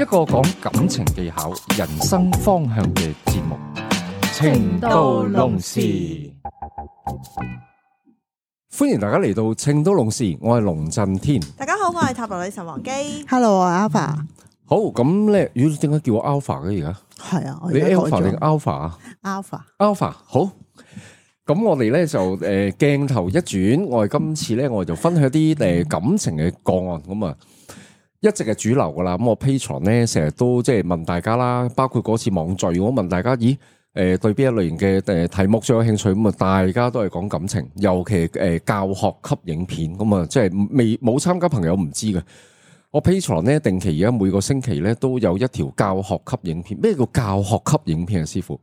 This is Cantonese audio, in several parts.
一個講感情技巧、人生方向嘅節目《情到龍時》，歡迎大家嚟到《情到龍時》，我係龍震天。大家好，我係塔羅女神王姬。Hello，Alpha。好，咁咧，點解叫我 Alpha 嘅而家？係啊，你 Alpha 定 Alpha？Alpha，Alpha。好，咁我哋咧就誒鏡頭一轉，我哋今次咧我哋就分享一啲誒感情嘅個案咁啊。一直係主流噶啦，咁我 Patreon 咧成日都即係問大家啦，包括嗰次網聚，我問大家，咦，誒，對邊一類型嘅誒題目最有興趣？咁啊，大家都係講感情，尤其誒教學級影片，咁啊，即係未冇參加朋友唔知嘅。我 Patreon 咧，定期而家每個星期咧都有一條教學級影片。咩叫教學級影片啊？師傅，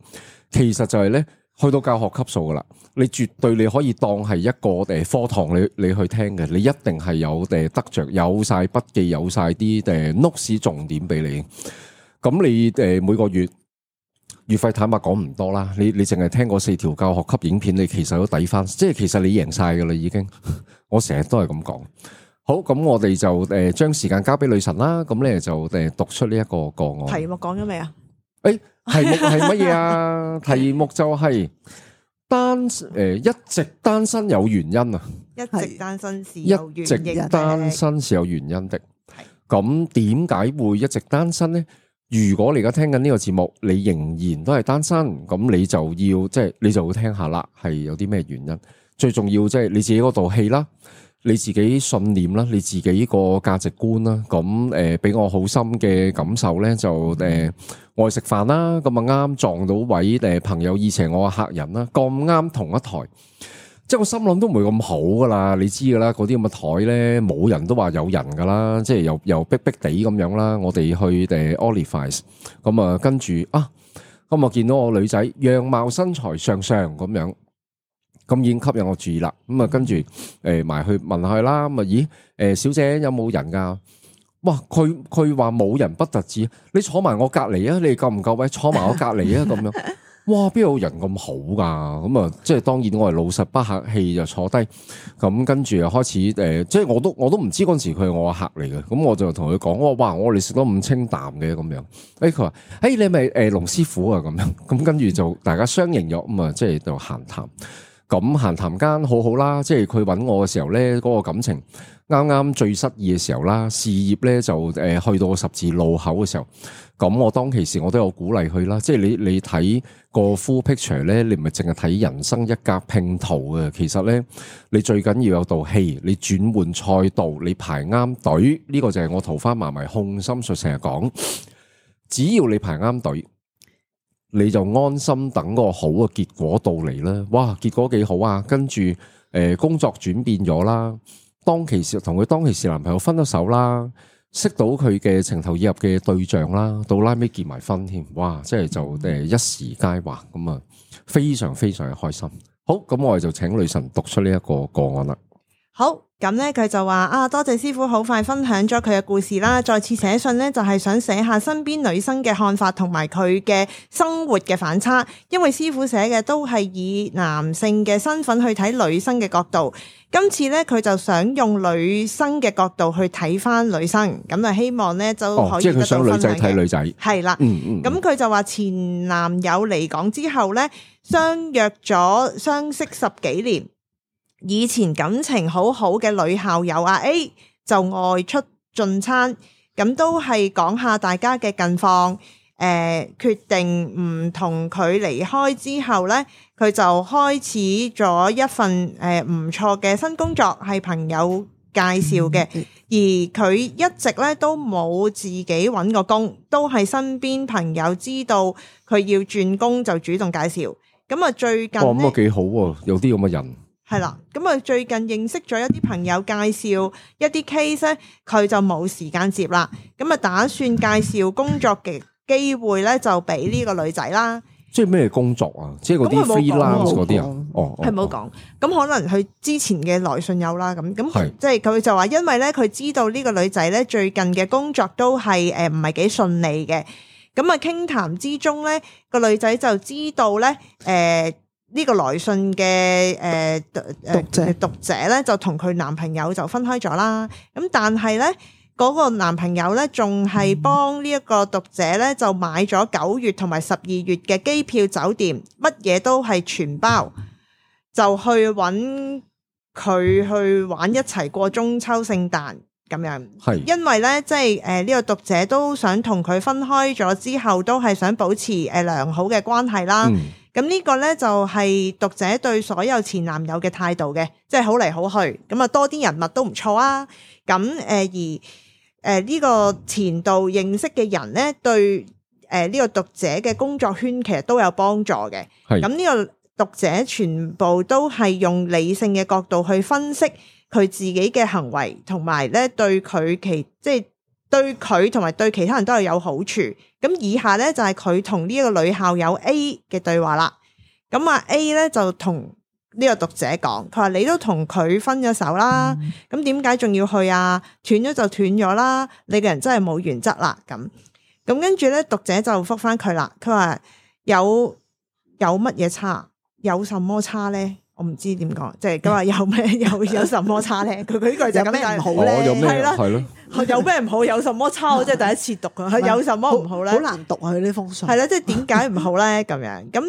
其實就係咧。去到教學級數噶啦，你絕對你可以當係一個誒課堂你，你你去聽嘅，你一定係有誒得着，有晒筆記，有晒啲誒 notes 重點俾你。咁你誒每個月月費坦白講唔多啦，你你淨係聽嗰四條教學級影片，你其實都抵翻，即係其實你贏晒噶啦已經。 我成日都係咁講。好，咁我哋就誒將時間交俾女神啦。咁咧就誒讀出呢一個個案題目講咗未啊？誒、欸。題目係乜嘢啊？ 題目就係、是、單誒、呃，一直單身有原因啊！一直單身是，是一直單身是有原因的。咁點解會一直單身呢？如果你而家聽緊呢個節目，你仍然都係單身，咁你就要即係、就是、你就要聽下啦，係有啲咩原因？最重要即係你自己嗰度戲啦。你自己信念啦，你自己個價值觀啦，咁誒，俾、呃、我好深嘅感受咧，就誒，我、呃、食飯啦，咁啊啱撞到位誒、呃，朋友以前我嘅客人啦，咁啱同一台，即係我心諗都唔會咁好噶啦，你知噶啦，嗰啲咁嘅台咧，冇人都話有人噶啦，即係又又逼逼地咁樣啦，我哋去誒 o l i y f a c e，咁啊，跟住啊，咁啊見到我女仔樣貌身材上相咁樣。咁已經吸引我注意啦，咁啊跟住誒埋去問下啦，咁啊咦誒小姐有冇人噶、啊？哇，佢佢話冇人不特止，你坐埋我隔籬啊，你夠唔夠位？坐埋我隔籬啊，咁樣哇，邊有人咁好噶？咁啊，即係當然我係老實不客氣就坐低，咁跟住又開始誒、呃，即係我都我都唔知嗰陣時佢係我客嚟嘅，咁我就同佢講我話哇，我哋食得咁清淡嘅咁樣，哎佢話哎你係咪誒龍師傅啊咁樣，咁跟住就大家相認咗，咁啊，即係就閒談。咁閒談間好好啦，即係佢揾我嘅時候呢，嗰個感情啱啱最失意嘅時候啦，事業呢，就誒、呃、去到十字路口嘅時候，咁我當其時我都有鼓勵佢啦。即係你你睇個 full picture 呢，你唔係淨係睇人生一格拼圖嘅，其實呢，你最緊要有道戲，你轉換賽道，你排啱隊，呢個就係我桃花麻麻控心術成日講，只要你排啱隊。你就安心等個好嘅結果到嚟啦！哇，結果幾好啊！跟住誒、呃，工作轉變咗啦，當其時同佢當其時男朋友分咗手啦，識到佢嘅情投意合嘅對象啦，到拉尾結埋婚添，哇！即係就誒一時佳話咁啊，非常非常嘅開心。好，咁我哋就請女神讀出呢一個個案啦。好。咁咧，佢就話啊，多謝師傅好快分享咗佢嘅故事啦。再次寫信呢，就係、是、想寫下身邊女生嘅看法同埋佢嘅生活嘅反差。因為師傅寫嘅都係以男性嘅身份去睇女生嘅角度。今次呢，佢就想用女生嘅角度去睇翻女生。咁啊，希望呢，就可以得到睇、哦、即係佢想女仔睇女仔。係啦，咁佢、嗯嗯、就話前男友嚟港之後呢，相約咗相識十幾年。以前感情好好嘅女校友啊，A 就外出進餐，咁都係講下大家嘅近況。誒、呃，決定唔同佢離開之後咧，佢就開始咗一份誒唔錯嘅新工作，係朋友介紹嘅。而佢一直咧都冇自己揾過工，都係身邊朋友知道佢要轉工就主動介紹。咁啊，最近呢幾好喎、啊，有啲咁嘅人。係啦，咁啊最近認識咗一啲朋友，介紹一啲 case 咧，佢就冇時間接啦。咁啊打算介紹工作嘅機會咧，就俾呢個女仔啦。即係咩工作啊？即係嗰啲 freelance 嗰啲人。些哦，係唔好講。咁、哦哦、可能佢之前嘅來信有啦。咁、嗯、咁是即係佢就話，因為咧佢知道呢個女仔咧最近嘅工作都係誒唔係幾順利嘅。咁啊傾談之中咧，個女仔就知道咧誒。呃呢個來信嘅誒讀者咧，就同佢男朋友就分開咗啦。咁但係呢，嗰個男朋友呢仲係幫呢一個讀者呢就買咗九月同埋十二月嘅機票、酒店，乜嘢都係全包，就去揾佢去玩一齊過中秋聖誕咁樣。係，因為呢，即係誒呢個讀者都想同佢分開咗之後，都係想保持誒良好嘅關係啦。嗯咁呢個呢，就係讀者對所有前男友嘅態度嘅，即係好嚟好去。咁啊，多啲人物都唔錯啊。咁誒，而誒呢個前度認識嘅人呢，對誒呢個讀者嘅工作圈其實都有幫助嘅。咁呢是個讀者全部都係用理性嘅角度去分析佢自己嘅行為，同埋呢對佢其即係。對佢同埋對其他人都係有好處，咁以下咧就係佢同呢一個女校友 A 嘅對話啦。咁啊 A 咧就同呢個讀者講，佢話你都同佢分咗手啦，咁點解仲要去啊？斷咗就斷咗啦，你個人真係冇原則啦。咁咁跟住咧，讀者就復翻佢啦。佢話有有乜嘢差？有什麼差咧？我唔知點講，即係咁話有咩有有什麼差呢？佢佢呢句就咁，但係係咯，係咯 了，有咩唔好？有什麼差？我即係第一次讀佢 是有什麼唔好咧？好難讀佢、 就是、呢封信。係啦，即係點解唔好咧？咁樣咁，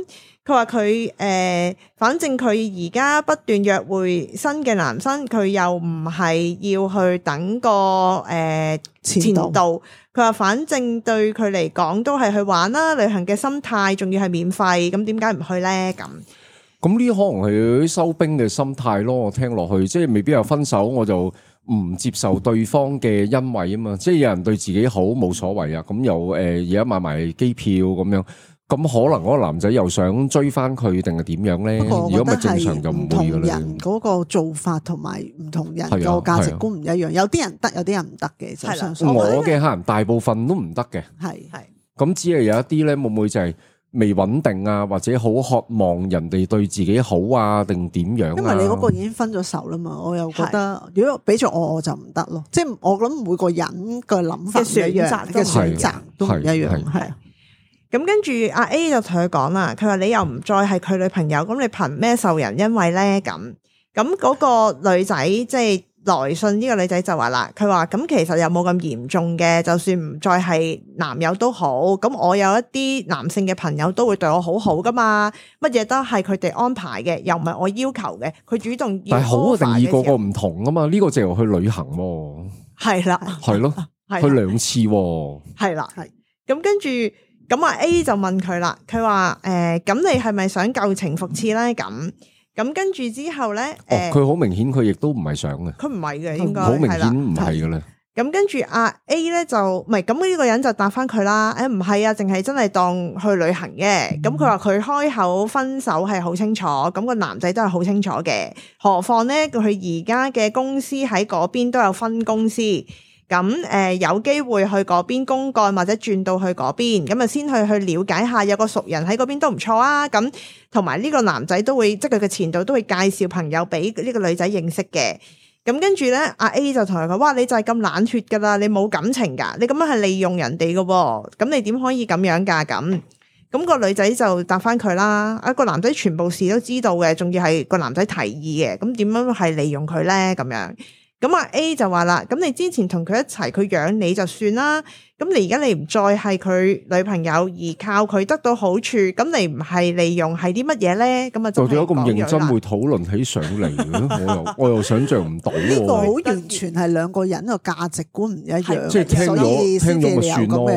佢話佢誒，反正佢而家不斷約會新嘅男生，佢又唔係要去等個誒、呃、前度。佢話度反正對佢嚟講都係去玩啦，旅行嘅心態仲要係免費，咁點解唔去咧？咁。咁呢啲可能係有啲收兵嘅心態咯，我聽落去即係未必有分手，我就唔接受對方嘅恩惠啊嘛！即係有人對自己好冇所謂啊，咁又誒而家買埋機票咁樣，咁可能嗰個男仔又想追翻佢定係點樣咧？如果唔係正常就唔會嘅啦。唔同人嗰個做法同埋唔同人個價值觀唔一樣，有啲人得，有啲人唔得嘅。係啦，我嘅客人大部分都唔得嘅。係係咁，只係有一啲咧，會唔會就係？未穩定啊，或者好渴望人哋對自己好啊，定點樣啊？因為你嗰個已經分咗手啦嘛，我又覺得的如果俾咗我我就唔得咯，即係的我諗每個人嘅諗法嘅選擇嘅選擇都唔一樣，係的。咁跟住阿 A 就同佢講啦，佢話你又唔再係佢女朋友，咁你憑咩受人姻緣咧？咁咁嗰個女仔即係。來信呢個女仔就話啦，佢話，咁其實又冇咁嚴重嘅，就算唔再係男友都好，咁我有一啲男性嘅朋友都會對我好好噶嘛，乜嘢都係佢哋安排嘅，又唔係我要求嘅，佢主動、er。但係好嘅定義個個唔同噶嘛，呢、這個就係去旅行喎。係啦，係咯啦， 啦去兩次。係啦，係。咁跟住咁啊 A 就問佢啦，佢話，誒、咁、呃、你係咪想舊情復熾咧？咁。咁跟住之後咧，誒、哦，佢好明顯佢亦都唔係想嘅，佢唔係嘅，應該好明顯唔係嘅啦。咁跟住阿 A 咧就唔係，咁呢、呢個人就答返佢啦。誒、哎，唔係啊，淨係真係當去旅行嘅。咁佢話佢開口分手係好清楚，咁、嗰個男仔都係好清楚嘅。何況咧，佢而家嘅公司喺嗰邊都有分公司。咁誒、嗯、有機會去嗰邊公幹或者轉到去嗰邊，咁啊先去去了解下，有個熟人喺嗰邊都唔錯啊！咁同埋呢個男仔都會即係佢嘅前度都會介紹朋友俾呢個女仔認識嘅。咁跟住咧，阿 A 就同佢話：哇！你就係咁冷血噶啦，你冇感情噶，你咁樣係利用人哋噶喎！咁你點可以咁樣噶？咁、那、咁個女仔就答翻佢啦。一、啊、個男仔全部事都知道嘅，仲要係個男仔提議嘅，咁點樣係利用佢咧？咁樣。咁啊 A 就話啦，咁你之前同佢一齊，佢養你就算啦。咁你而家你唔再係佢女朋友，而靠佢得到好處，咁你唔係利用係啲乜嘢咧？咁啊，就點解咁認真會討論起上嚟嘅？ 我又我又想象唔到呢、啊、 個好完全係兩個人個價值觀唔一樣，即聽所以聽到咪算咯。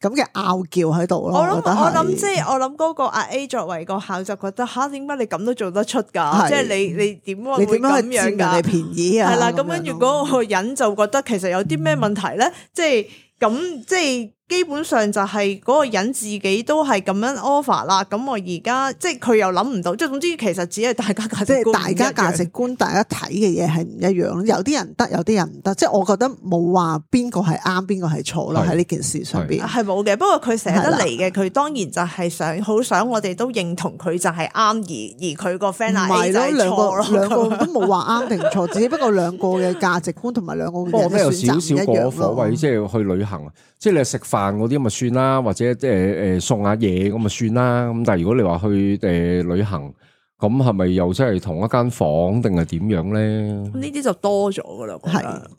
咁嘅拗撬喺度咯，我諗我諗即係我諗嗰個阿 A, A 作為個校長就覺得吓點解你咁都做得出噶？是即係你你點會會咁樣噶？係啦、啊，咁 了樣，樣如果個人就覺得其實有啲咩問題咧、嗯？即係咁即係。基本上就係嗰個人自己都係咁樣 offer 啦，咁我而家即係佢又諗唔到，即係總之其實只係大家價值觀，即係大家價值觀，大家睇嘅嘢係唔一樣。有啲人得，有啲人唔得，即係我覺得冇話邊個係啱，邊個係錯啦。喺呢件事上邊係冇嘅，不過佢寫得嚟嘅，佢當然就係想好想我哋都認同佢就係啱，而而佢個 friend 係錯咯。兩個都冇話啱定錯，只不過兩個嘅價值觀同埋兩個嘅選擇唔一樣咯。所謂即係去旅行，即係你食。辦嗰啲咁咪算啦，或者即係誒送下嘢咁咪算啦。咁但係如果你話去誒旅行，咁係咪又真係同一間房定係點樣咧？呢啲就多咗噶啦，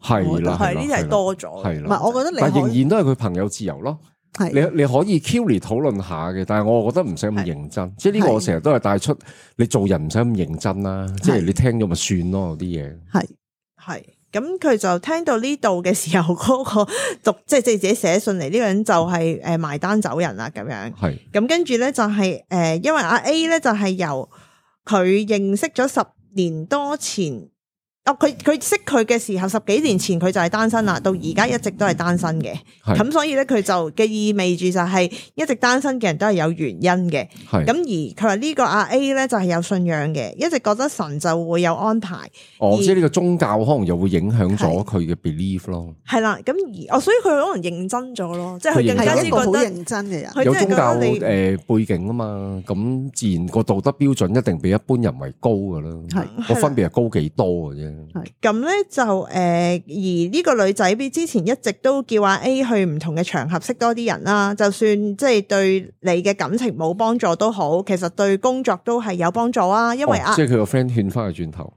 係係啦，呢啲係多咗，係啦。唔係，我覺得你仍然都係佢朋友自由咯。你你可以 calmly 討論下嘅，但係我覺得唔使咁認真。即係呢個我成日都係帶出，你做人唔使咁認真啦。即係你聽咗咪算咯啲嘢。係係。咁佢就聽到呢度嘅時候，嗰個 即係即係自己寫信嚟呢個人，就係誒埋單走人啦咁樣。係咁跟住咧就係誒，因為阿 A 咧就係由佢認識咗十年多前。哦，佢佢識佢嘅時候，十幾年前佢就係單身啦，到而家一直都係單身嘅，咁是的 所以咧佢就嘅意味住就係一直單身嘅人都係有原因嘅。咁是的 而佢話呢個阿 A 咧就係有信仰嘅，一直覺得神就會有安排。即係呢個宗教可能又會影響咗佢嘅 belief 咯。係啦，咁而哦，所以佢可能認真咗咯，即係佢更加一個好認真嘅人，覺得真有宗教誒背景啊嘛，咁自然個道德標準一定比一般人為高噶啦。係個分別係高幾多嘅啫。係咁咧就誒、呃、而呢個女仔比之前一直都叫阿 A, A 去唔同嘅場合識多啲人啦，就算即係對你嘅感情冇幫助都好，其實對工作都係有幫助啊。因為啊，哦、即係佢個 friend 勸翻去轉頭，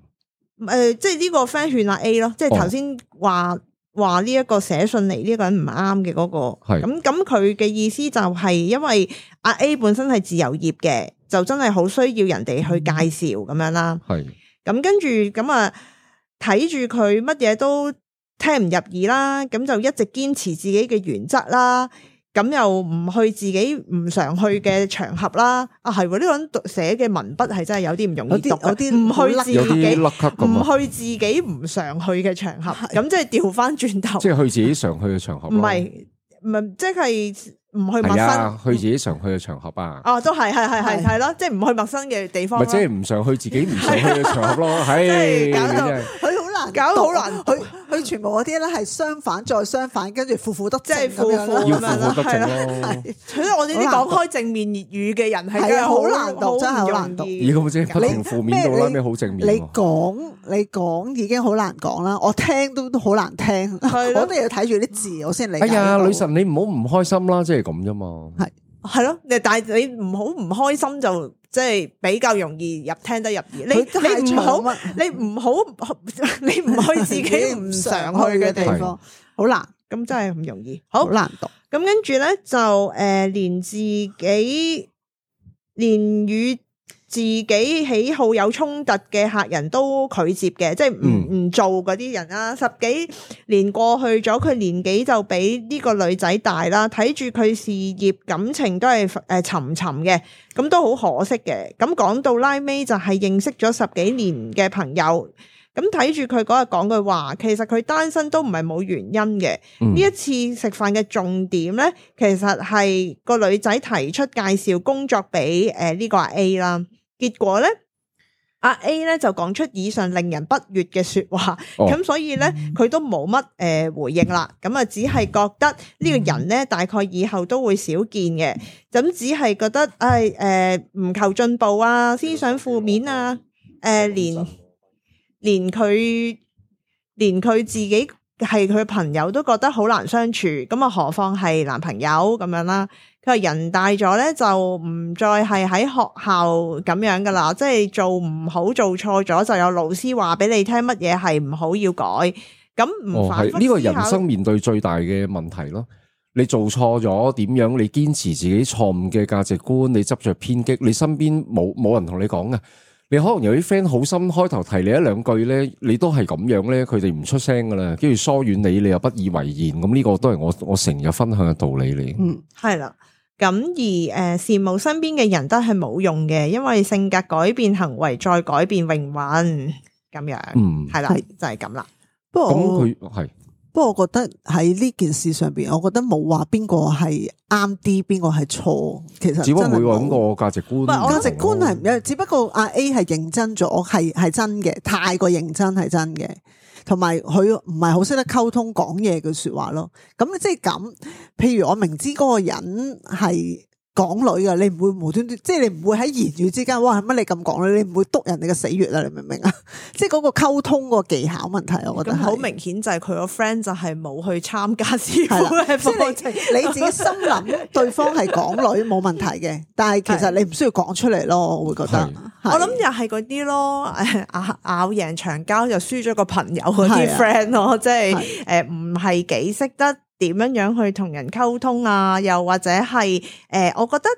誒、呃，即係呢個 friend 勸阿 A 咯，即係頭先話話呢一個寫信嚟，呢個人唔啱嘅嗰個，咁咁佢嘅意思就係因為阿 A, A 本身係自由業嘅，就真係好需要人哋去介紹咁樣啦。係咁是、嗯、跟住咁啊。嗯嗯睇住佢乜嘢都聽唔入耳啦，咁就一直堅持自己嘅原則啦，咁又唔去自己唔常去嘅場合啦。啊，係喎，呢個人寫嘅文筆係真係有啲唔容易讀，有啲唔去自己，唔去自己唔常去嘅場合，咁即係調翻轉頭，即係去自己常去嘅場合。唔係唔即係唔去陌生，去自己常去嘅場合啊。哦、啊，都係係係係咯，即係唔去陌生嘅地方，即係唔常去自己唔常去嘅場合咯。係。搞到好難，佢佢全部嗰啲咧係相反再相反，跟住負負得正，即係負負咁樣啦，係啦、啊，係、啊。所以我哋呢啲講開正面粵語嘅人係好難讀，真係好難讀。咦你，咁好似不停負面到啦，咩好正面？你講你講已經好難講啦，我聽都都好難聽。係、啊、我哋要睇住啲字，我先理解、這個。哎呀，女神，你唔好唔開心啦，即係咁啫嘛。係係咯，但係你唔好唔開心就。即係比較容易入，聽得入耳。它 你你唔好，你唔好，你唔去自己唔想去嘅地方，好 的難。咁真係唔容易，好難度。咁跟住咧就誒，連自己連語。自己喜好有衝突嘅客人都拒絕嘅，即係唔唔做嗰啲人啦。嗯、十幾年過去咗，佢年紀就比呢個女仔大啦。睇住佢事業感情都係誒沉沉嘅，咁都好可惜嘅。咁講到拉尾就係認識咗十幾年嘅朋友，咁睇住佢嗰日講句話，其實佢單身都唔係冇原因嘅。呢、嗯、一次食飯嘅重點咧，其實係個女仔提出介紹工作俾誒呢個阿 A 啦。結果咧，阿 A 咧就講出以上令人不悦嘅說話，咁、oh. 所以咧佢都冇乜誒回應啦，咁啊只係覺得呢個人咧大概以後都會少見嘅，咁只係覺得誒誒唔求進步啊，思想負面啊，誒、呃、連連佢連佢自己。係佢朋友都覺得好難相處，咁啊何況係男朋友咁樣啦？佢話人大咗咧，就唔再係喺學校咁樣噶啦，即係做唔好做錯咗，就有老師話俾你聽乜嘢係唔好要改。咁唔係呢個人生面對最大嘅問題咯？你做錯咗點樣？你堅持自己錯誤嘅價值觀？你執着偏激？你身邊冇冇人同你講啊？你可能有啲 friend 好心開頭提你一兩句，咧你都係咁樣咧，佢哋唔出聲噶啦，跟住疏遠你，你又不以為然，咁呢個都係我我成日分享嘅道理嚟。嗯，係啦，咁而誒羨慕身邊嘅人都係冇用嘅，因為性格改變，行為再改變，命運咁樣，嗯，係啦，就係咁啦。不過。咁佢係。不過我覺得喺呢件事上邊，我覺得冇話邊個係啱啲，邊個係錯。其實只不過搵個價值觀，價值觀係唔，一隻不過阿 A 係認真咗，係係真嘅，太過認真係真嘅，同埋佢唔係好識得溝通講嘢嘅說話咯。咁即係咁，譬如我明知嗰個人係港女嘅，你唔會無端端，即係你唔會喺言語之間，哇，乜你咁講咧？你唔會督人哋嘅死穴啊？你明唔明啊？ 即係嗰個溝通個技巧問題，我覺得好、嗯嗯、明顯就係佢個 friend 就係冇去參加。係啦，即係你你自己心諗對方係港女冇問題嘅，但係其實你唔需要講出嚟咯。我會覺得，的我諗又係嗰啲咯，咬咬贏長交又輸咗個朋友嗰啲 friend 咯，即係誒唔係幾識得。點樣樣去同人溝通啊？又或者係誒、呃，我覺得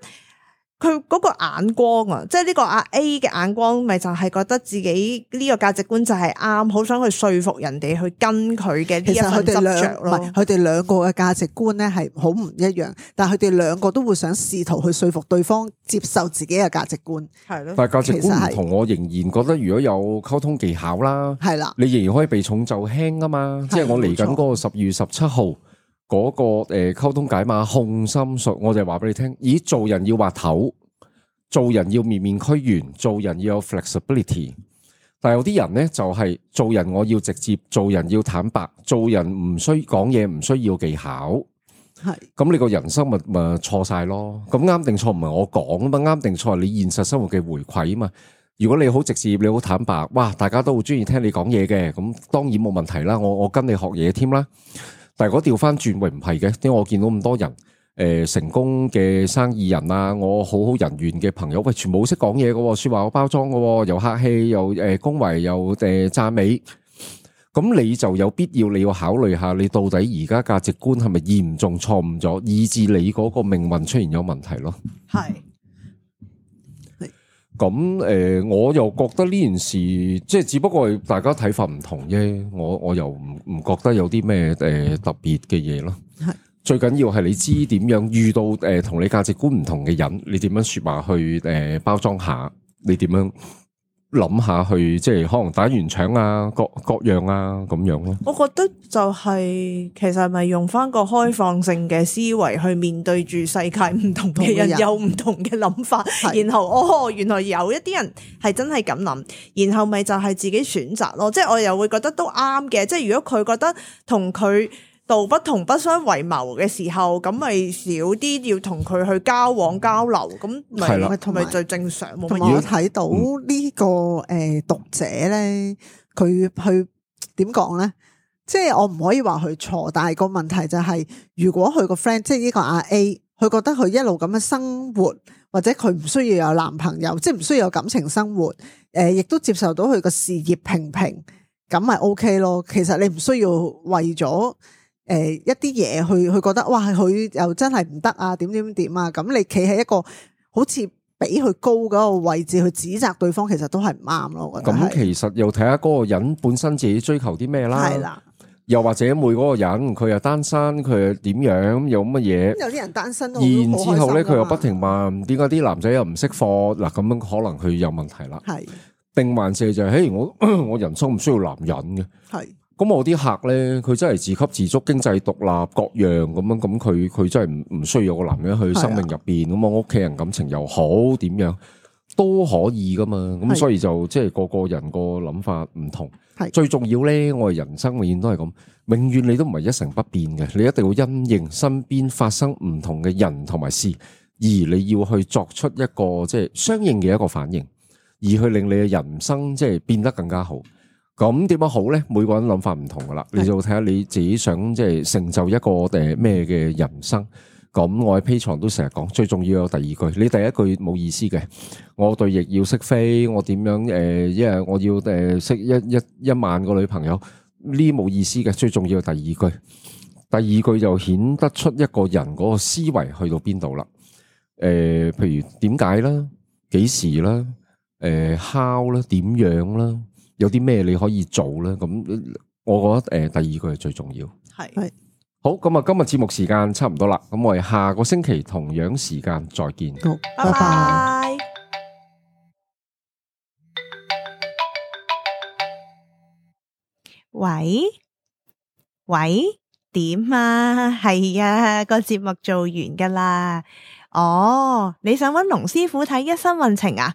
佢嗰個眼光啊，即係呢個阿 A 嘅眼光，咪就係覺得自己呢個價值觀就係啱，好想去說服人哋去跟佢嘅呢一份執着咯。佢哋兩個嘅價值觀咧係好唔一樣，但係佢哋兩個都會想試圖去說服對方接受自己嘅價值觀，係咯的。但係價值觀唔同，我仍然覺得如果有溝通技巧啦，係啦的，你仍然可以避重就輕啊嘛。的的即係我嚟緊嗰個十二月十七號。嗰個誒溝通解碼，控心術。我就話俾你聽，咦？做人要滑頭，做人要面面俱圓，做人要有 flexibility。但有啲人呢，就係、是、做人我要直接，做人要坦白，做人唔需講嘢，唔需要技巧。係咁是，你個人生咪咪錯晒咯？咁啱定錯唔係我講啊嘛？啱定錯係你現實生活嘅回饋啊嘛？如果你好直接，你好坦白，哇！大家都好中意聽你講嘢嘅，咁當然冇問題啦。我我跟你學嘢添啦。但係如果調翻轉，會唔係嘅，因為我見到咁多人，誒、呃、成功嘅生意人啊，我好好人緣嘅朋友，喂，全部識講嘢嘅，說話有包裝嘅，又客氣又誒、呃、恭維又誒讚、呃、美，咁你就有必要，你要考慮下，你到底而家價值觀係咪嚴重錯誤咗，以致你嗰個命運出現咗問題咯？係。咁誒、呃，我又覺得呢件事即係只不過係大家睇法唔同啫。我我又唔唔覺得有啲咩誒特別嘅嘢咯。係是最緊要係你知點樣遇到誒同、呃、你價值觀唔同嘅人，你點樣説話去誒、呃、包裝下，你點樣？諗下去，即係可能打完場啊，各各樣啊，咁樣咯。我覺得就係、是，其實咪用翻個開放性嘅思維去面對住世界唔同嘅人，人有唔同嘅諗法。是然後哦，原來有一啲人係真係咁諗，然後咪就係自己選擇咯。即、就、係、是、我又會覺得都啱嘅。即、就、係、是、如果佢覺得同佢。道不同不相為謀嘅時候，咁咪少啲要同佢去交往交流，咁咪同咪最正常。同埋我睇到呢個誒讀者咧，佢去點講咧？即係我唔可以話佢錯，但係個問題就係，如果佢個 friend 即係呢個阿 A，佢覺得佢一路咁樣生活，或者佢唔需要有男朋友，即係唔需要有感情生活，誒，亦都接受到佢個事業平平，咁咪 OK 咯。其實你唔需要為咗。誒，一啲嘢，佢佢覺得，哇，佢又真係唔得啊，點點點啊，咁你企喺一個好似比佢高嗰個位置去指責對方，其實都係唔啱咯。我覺得。咁其實又睇下嗰個人本身自己追求啲咩啦。係啦，又或者每嗰個人佢又單身，佢又點樣有乜嘢？咁有啲人單身，然之後咧佢又不停問，點解啲男仔又唔識貨？嗱，咁樣可能佢有問題啦。係，定還是就係，嘿，我我人生唔需要男人嘅。係。咁我啲客咧，佢真係自給自足、經濟獨立、各樣咁樣，咁佢佢真係唔唔需要有個男人去生命入邊，咁我屋企人感情又好，點樣都可以噶嘛。咁是的 所以就即係個個人個諗法唔同。係是的 最重要咧，我哋人生永遠都係咁，永遠你都唔係一成不變嘅，你一定要因應身邊發生唔同嘅人同埋事，而你要去作出一個即係、就是、相應嘅一個反應，而去令你嘅人生即係變得更加好。咁點樣好咧？每個人諗法唔同噶啦，是的 你就睇下你自己想即係成就一個誒咩嘅人生。咁我喺 Patreon 都成日講，最重要有第二句，你第一句冇意思嘅。我對翼要識飛，我點樣誒？呃，因為我要誒識一一一萬個女朋友，呢冇意思嘅。最重要嘅第二句，第二句就顯得出一個人嗰個思維去到邊度啦。誒、呃，譬如點解啦？幾時啦？誒 how 啦？點樣啦？有啲咩你可以做咧？咁，我覺得誒、呃，第二個係最重要。係係是好，咁啊，今日節目時間差唔多啦。咁我哋下個星期同樣時間再見。拜拜。喂喂，點啊？係啊，個節目做完噶啦。哦，你想揾龍師傅睇一生運程啊？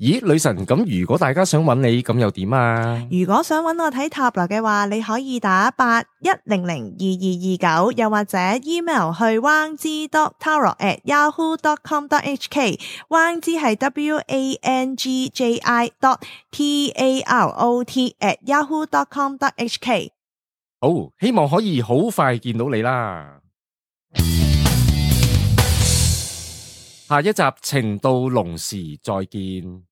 咦，女神咁，如果大家想揾你咁又點啊？如果想揾我睇塔羅嘅話，你可以打八一零零二二二九，29, 又或者 email 去 wangzi.dot.taro@yahoo.com.hk。wangzi 係 w-a-n-g-j-i.dot.t-a-r-o-t@yahoo.com.hk。好，希望可以好快見到你啦。下一集情到濃時再見。